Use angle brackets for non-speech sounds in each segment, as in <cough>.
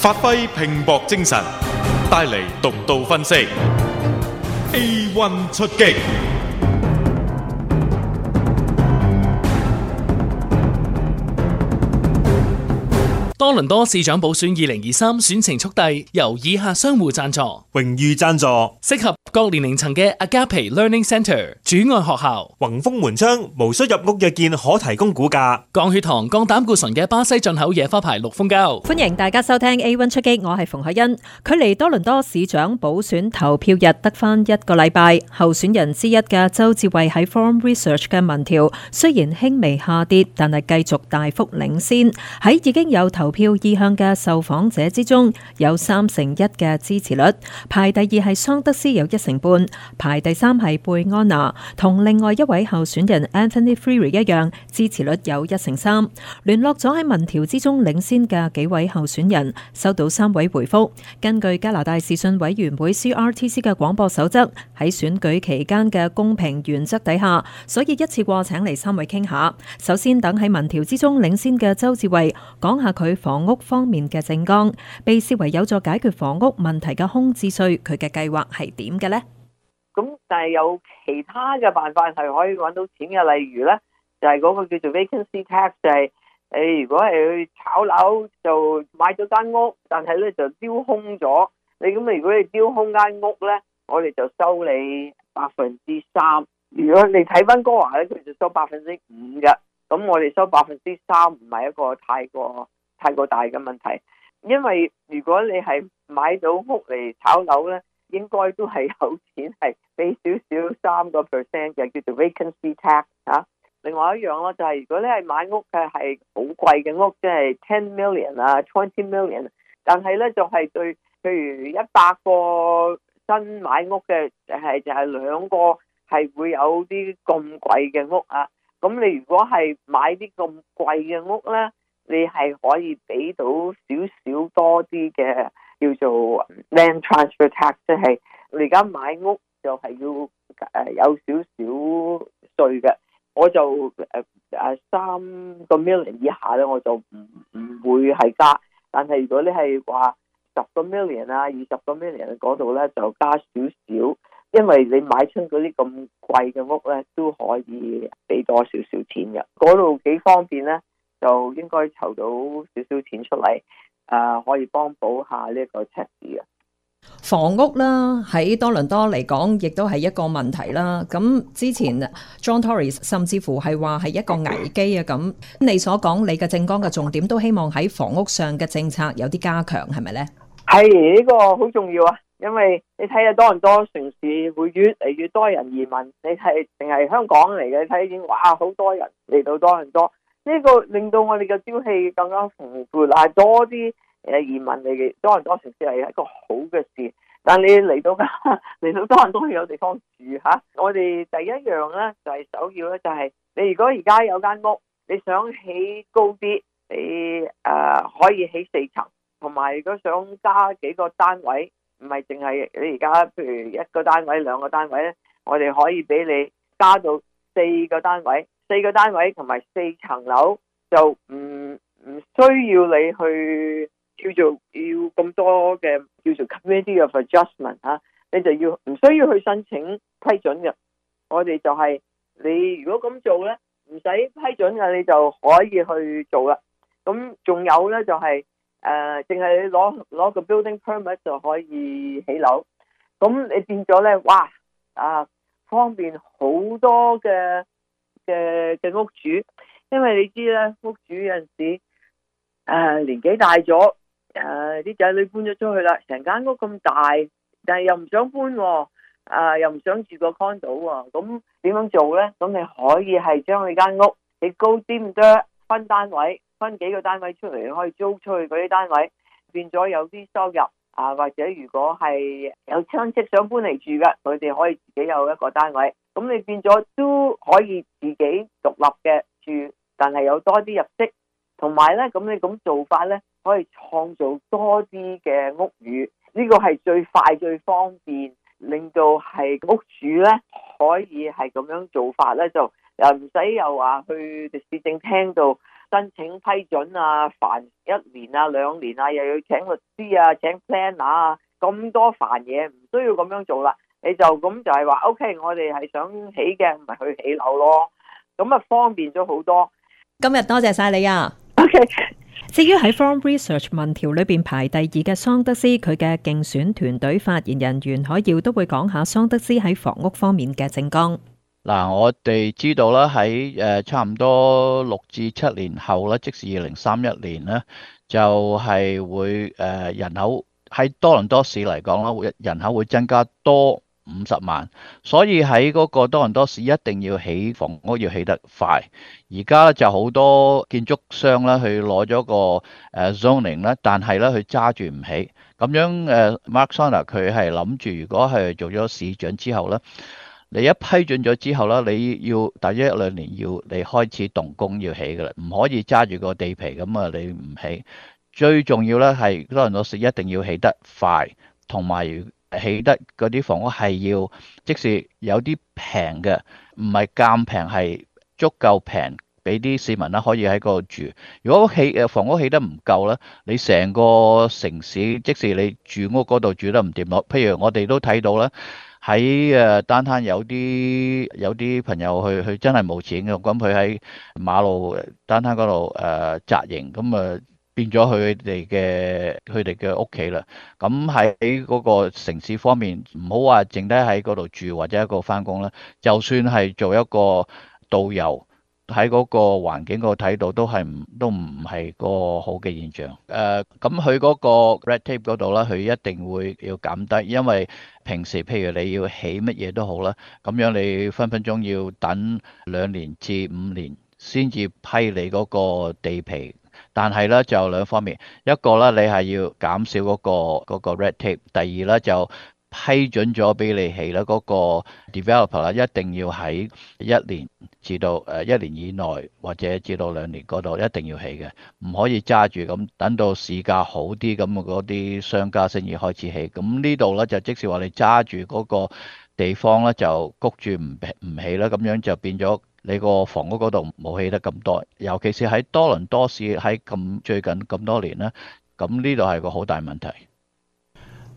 發揮拼搏精神，帶嚟獨到分析。A one 出擊。多倫多市長補選二零二三選情速遞，由以下相互贊助、榮譽贊助、適合。各年齡層嘅 Agape Learning Centre 主愛學校，宏豐門窗，無需入屋嘅件可提供估價。降血糖、降膽固醇嘅巴西進口野花牌六風膠。歡迎大家收聽 A1 出擊，我係馮海欣。距離多倫多市長補選投票日得翻一個禮拜，候選人之一嘅鄒至蕙喺 Forum Research 嘅民調雖然輕微下跌，但係繼續大幅領先。喺已經有投票意向嘅受訪者之中，有三成一嘅支持率。排第二係桑得斯，有一成半，排第三係貝安娜，同另外一位候選人 Anthony Furey 一樣，支持率有一成三。聯絡咗喺民調之中領先嘅幾位候選人，收到三位回覆。根據加拿大視訊委員會 CRTC 嘅廣播守則，喺選舉期間嘅公平原則底下，所以一次過請嚟三位傾下。首先等喺民調之中領先嘅鄒至蕙講下佢房屋方面嘅政綱，被視為有助解決房屋問題嘅空置稅，佢嘅計劃係點嘅？咧，咁但係有其他嘅辦法係可以搵到錢嘅，例如咧就係嗰個叫做 vacancy tax，就係你，如果係去炒樓就買咗間屋，但係咧就丟空咗，你咁啊，如果你丟空間屋咧，我哋就收你百分之三，如果你睇翻哥華咧，佢就收百分之五嘅，咁我哋收百分之三唔係一個太過太過大嘅問題，因為如果你係買到屋嚟炒樓咧。應該都係有錢，係俾少少三個 percent，嘅叫做 vacancy tax 㗎、啊。另外一樣咯，就係、是、如果你係買屋嘅係好貴嘅屋，即係 ten million 啊，twenty million，但係咧就係、是、對，譬如一百個新買屋嘅，係就係、是、兩個係會有啲咁貴嘅屋啊。咁你如果係買啲咁貴嘅屋咧，你係可以俾到少少多啲嘅。叫做 land transfer tax，即係你而家買屋就係要誒有少少稅嘅。我就誒誒三個 million 以下咧，我就唔唔會係加。但係如果你係話十個 million 啊、二十個 million 嗰度咧，就加少少。因為你買親嗰啲咁貴嘅屋咧，都可以俾多少少錢嘅。嗰度幾方便咧，就應該籌到少少錢出嚟。誒、啊，可以幫補下呢個測試啊！房屋啦，喺多倫多嚟講，亦都係一個問題啦。咁之前 John Torres 甚至乎係話係一個危機啊！咁你所講你嘅政綱嘅重點，都希望喺房屋上嘅政策有啲加強，係咪呢？係呢、哎這個好重要啊！因為你睇下多倫多城市會越嚟越多人移民，你係淨係香港嚟嘅，睇已經，哇，好多人嚟到多倫多。呢個令到我哋嘅朝氣更加蓬勃，係多啲誒移民嚟嘅多倫多城市係一個好嘅事。但你嚟到家，嚟到多倫多要有地方住嚇，我哋第一樣咧就係、是、首要咧就係、是、你如果而家有間屋，你想起高啲，你誒、呃、可以起四層，同埋如果想加幾個單位，唔係淨係你而家譬如一個單位兩個單位咧，我哋可以俾你加到四個單位。四個單位同埋四層樓，就唔唔需要你去叫做要咁多嘅叫做 Committee of Adjustment 吓、啊，你就要唔需要去申請批准嘅。我哋就係、是、你如果咁做咧，唔使批准嘅，你就可以去做啦。咁仲有咧就係、是、誒，淨係攞攞個 building permit 就可以起樓。咁你變咗咧，哇啊，方便好多嘅。嘅嘅屋主，因為你知咧，屋主有陣時啊、呃、年紀大咗，啊，啲仔女搬咗出去啦，成間屋咁大，但係又唔想搬、哦、啊、呃、又唔想住個 condo，咁、哦、點樣、嗯、做咧？咁、嗯、你可以係將你間屋你高啲咁多，分單位，分幾個單位出嚟，你可以租出去嗰啲單位，變咗有啲收入。啊，或者如果係有親戚想搬嚟住嘅，佢哋可以自己有一個單位，咁你變咗都可以自己獨立嘅住，但係有多啲入息，同埋呢，咁你咁做法呢，可以創造多啲嘅屋宇，呢個係最快最方便，令到係屋主呢可以係咁樣做法呢就又唔使又話去市政廳度。申請批准啊，煩一年啊兩年啊，又要請律師啊，請 planner 啊，咁多煩嘢，唔需要咁樣做啦。你就咁就係話，O K，我哋係想起嘅，咪去起樓咯，咁啊方便咗好多。今日多謝晒你啊。O Okay K。 <laughs> 至於喺 Forum Research 民調裏邊排第二嘅桑德斯，佢嘅競選團隊發言人袁海耀都會講下桑德斯喺房屋方面嘅政綱。嗱，我哋知道啦，喺誒差唔多六至七年後啦，即是二零三一年咧，就係、是、會誒人口喺多倫多市嚟講啦，人口會增加多五十萬。所以喺嗰個多倫多市一定要起房屋，要起得快。而家就好多建築商啦，去攞咗個誒 zoning 啦，但係咧佢揸住唔起。咁樣誒，Mark Saunders 佢係諗住，如果係做咗市長之後咧。你一批准咗之後啦，你要大約一兩年要你開始動工要起嘅啦，唔可以揸住個地皮咁啊，你唔起。最重要咧係多人攞一定要起得快，同埋起得嗰啲房屋係要即使有啲平嘅，唔係咁平，係足夠平，俾啲市民啦可以喺嗰度住。如果起房屋起得唔夠咧，你成個城市即使你住屋嗰度住得唔掂咯，譬如我哋都睇到啦。喺誒單攤有啲有啲朋友去去真係冇錢嘅，咁佢喺馬路單攤嗰度誒紮營，咁誒變咗佢哋嘅佢哋嘅屋企啦。咁喺嗰個城市方面，唔好話淨低喺嗰度住或者一個翻工啦，就算係做一個導遊。喺嗰個環境嗰度睇到都係唔都唔係個好嘅現象。誒咁佢嗰個 red tape 嗰度咧，佢一定會要減低，因為平時譬如你要起乜嘢都好啦，咁樣你分分鐘要等兩年至五年先至批你嗰個地皮。但係咧就兩方面，一個咧你係要減少嗰個嗰個 red tape，第二咧就。批准咗俾你起啦，嗰個 developer 啦，一定要喺一年至到誒一年以內，或者至到兩年嗰度，一定要起嘅，唔可以揸住咁等到市價好啲咁，嗰啲商家先至開始起。咁呢度咧就即使話你揸住嗰個地方咧就谷住唔唔起啦。咁樣就變咗你個房屋嗰度冇起得咁多，尤其是喺多倫多市喺咁最近咁多年啦。咁呢度係個好大問題。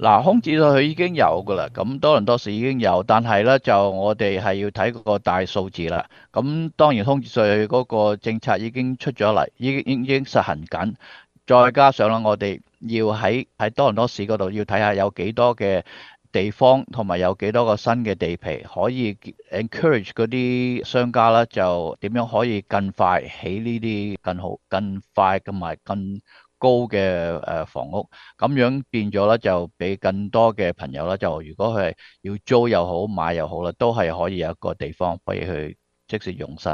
嗱，空置稅佢已經有㗎啦，咁多倫多市已經有，但係咧就我哋係要睇嗰個大數字啦。咁當然空置稅嗰個政策已經出咗嚟，已經已經實行緊。再加上啦，我哋要喺喺多倫多市嗰度要睇下有幾多嘅地方，同埋有幾多個新嘅地皮可以 encourage 嗰啲商家啦，就點樣可以更快起呢啲更好、更快，同埋更，更高嘅誒房屋，咁樣變咗咧就俾更多嘅朋友咧，就如果佢係要租又好買又好啦，都係可以有一個地方可以去即時用身。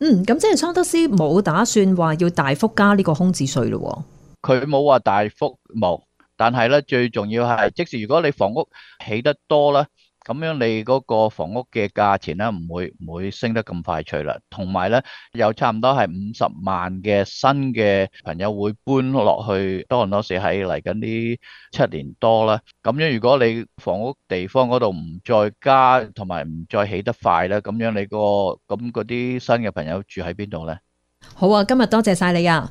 嗯，咁即係桑德斯冇打算話要大幅加呢個空置稅咯。佢冇話大幅冇，但係咧最重要係，即使如果你房屋起得多咧。咁樣你嗰個房屋嘅價錢咧，唔會唔會升得咁快脆啦。同埋咧，有差唔多係五十萬嘅新嘅朋友會搬落去多倫多市喺嚟緊呢七年多啦。咁樣如果你房屋地方嗰度唔再加，同埋唔再起得快咧，咁樣你、嗰個咁嗰啲新嘅朋友住喺邊度咧？好啊，今日多謝晒你啊！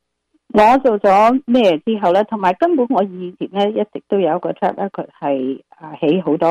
我做咗咩之後呢？同埋根本我以前呢，一直都有一個 track record 咧，佢係啊起好多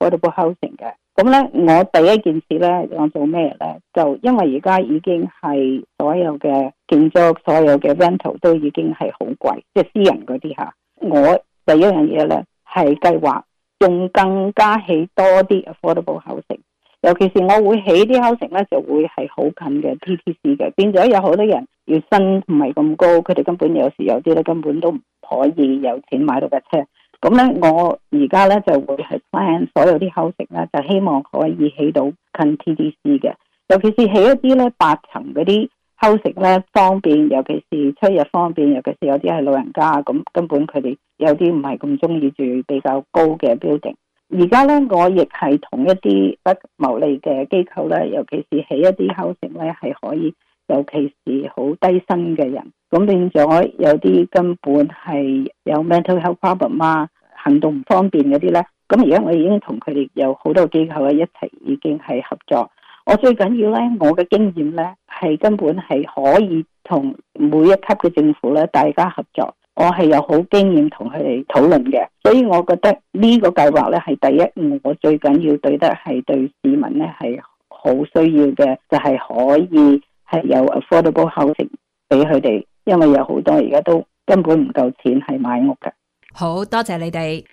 誒 affordable housing 嘅。咁呢，我第一件事呢，我做咩呢？就因為而家已經係所有嘅建築、所有嘅 rental 都已經係好貴，即係私人嗰啲嚇。我第一樣嘢呢，係計劃用更加起多啲 affordable housing。尤其是我會起啲樓層咧，就會係好近嘅 TDC 嘅，變咗有好多人月薪唔係咁高，佢哋根本有時有啲咧根本都唔可以有錢買到架車。咁咧，我而家咧就會係 plan 所有啲樓層咧，就希望可以起到近 TDC 嘅。尤其是起一啲咧八層嗰啲樓層咧，方便，尤其是出入方便，尤其是有啲係老人家咁，根本佢哋有啲唔係咁中意住比較高嘅 building。而家咧，我亦係同一啲不牟利嘅機構咧，尤其是起一啲口成，咧，係可以，尤其是好低薪嘅人。咁變咗，我有啲根本係有 mental health problem 啊，行動唔方便嗰啲咧。咁而家我已經同佢哋有好多機構咧、啊、一齊已經係合作。我最緊要咧，我嘅經驗咧，係根本係可以同每一級嘅政府咧，大家合作。我係有好經驗同佢哋討論嘅，所以我覺得呢個計劃咧係第一，我最緊要對得係對市民咧係好需要嘅，就係、是、可以係有 affordable 口食俾佢哋，因為有好多而家都根本唔夠錢係買嘅。好多謝你哋。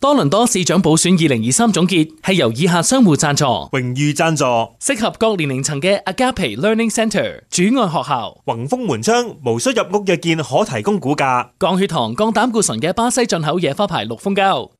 多倫多市長補選二零二三總結係由以下商戶贊助：榮譽贊助適合各年齡層嘅阿加皮 Learning Center 主愛學校，宏豐門窗無需入屋入見可提供估價，降血糖、降膽固醇嘅巴西進口野花牌綠蜂膠。